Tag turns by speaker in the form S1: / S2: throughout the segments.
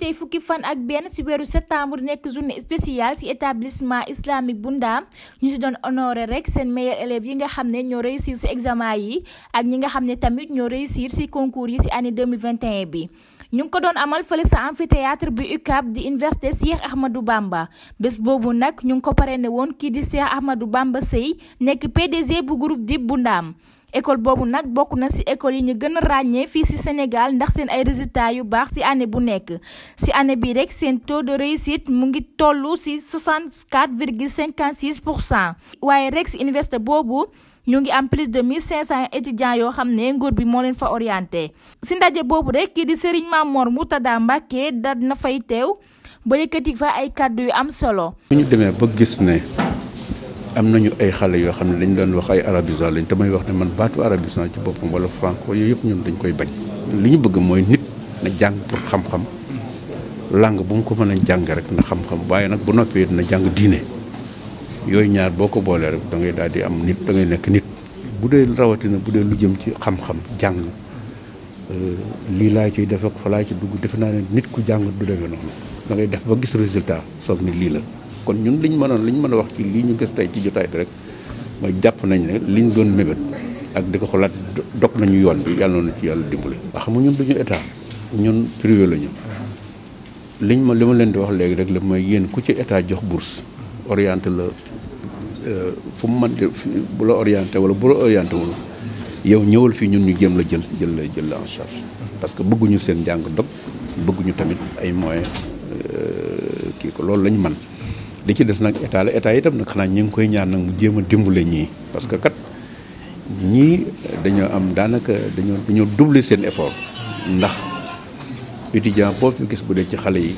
S1: tey fukki fan ak benn si weeru septembre nekk journée spéciale si établissement islamique bu ndam ñu si doon honoré rek seen meilleurs élèves yi nga xam ne ñoo réussir si examen yi ak ñi nga xam ne tamit ñoo réussir ci concours yi si année 2021 bi ñu ngi ko doon amal fële sa bi bu UCAB di université Cheikh Ahmadou Bamba bés boobu nag ñu ngi ko ne woon kii di Cheikh Ahmadou Bamba Seye nekk PDG bu groupe DIP bu ndaam école boobu nag bokk na ci école yi ñu gën a ràññee fii ci Sénégal ndax seen ay résultats yu baax ci année bu nekk ci année bi rek seen taux de réussite mu ngi toll ci 64 virgule 56 pour cent waaye rek ci université boobu ñu ngi am plus de 1500 étudiants yoo xam ne nguur bi moo leen fa orienté ci ndaje boobu rek kii di Serigne Mamor Moutada Mbacké dal na fay teew ba yëkkati fa ay kàddu yu am solo.
S2: bu ñu demee ba gis ne. am nañu ay xale yoo xam ne dañ doon wax ay arabisant lañ te may wax ne man baatu arabisant ci boppam wala franco yooyu yëpp ñun dañ koy bañ li ñu bëgg mooy nit na jàng pour xam-xam langue bu mu ko mën a jàng rek na xam-xam waaye nag bu noppee na jàng diine yooyu ñaar boo ko boolee rek da ngay daal di am nit da ngay nekk nit bu dee rawatina bu dee lu jëm ci xam-xam jàng euh, lii laa ciy def ak ci dugg defe naa ne nit ku jàng du demee noonu da ngay def ba gis résultat soog ni lii la kon ñun liñ mënoon liñ mën a wax ci lii ñu gis tey ci jotaay bi rek mooy jàpp nañ ne liñ doon mébét ak di ko xolaat dog nañu yoon bi yàlla na ci yàlla dimbali. wax nga ñun duñu état ñun privé la ñu liñ ma li ma leen di wax léegi rek la mooy yéen ku ci état jox bourse orienté la euh, fu mu mën bu la orienté wala bu la orienté wul yow ñëwal fii ñun ñu jéem la jël jël la jël la en charge parce que bëgguñu seen njàng dog bëgguñu tamit ay moyens euh, kii ko loolu lañu man li ci des nag état la yi itam nag xanaa ñu ngi koy ñaan nag mu jéem a dimbale ñii parce que kat ñii dañoo am daanaka dañoo dañoo doubler seen effort ndax étudiant boo fi gis bu dee ci xale yi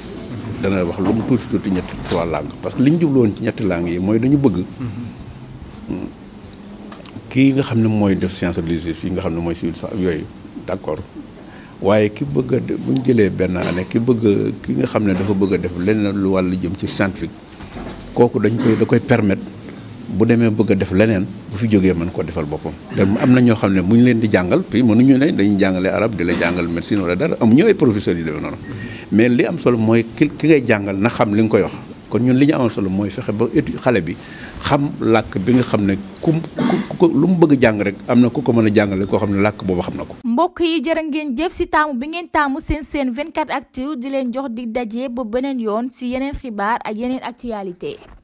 S2: danay wax lu mu tuuti tuuti ñetti trois langues parce que li ñu jubloon ci ñetti langues yi mooy dañu bëgg kii nga xam ne mooy def science religieuse yi nga xam ne mooy civil yooyu d'accord waaye ki bëgg bu ñu jëlee benn année ki bëgg ki nga xam ne dafa bëgg a def lenn lu wàllu jëm ci scientifique kooku dañ koy da koy permettre bu demee bëgg def leneen bu fi jógee mën koo defal boppam. te am na ñoo xam ne bu ñu leen di jàngal puis mënuñu ne dañuy jàngalee arab di la jàngal médecine wala dara amuñu ñooy professeurs yi demee noonu mais li am solo mooy ki ki ngay jàngal na xam li nga koy wax. kon ñun li ñu amal solo mooy fexe ba étu xale bi xam làkk bi nga xam ne ku ko lu mu bëgg jàng rek am na ku ko mën a jàngale koo xam ne làkk boobu xam na ko.
S1: mbokk yi jërë ngeen jëf si taamu bi ngeen taamu seen seen 24 actu di leen jox di daje ba beneen yoon si yeneen xibaar ak yeneen actualité.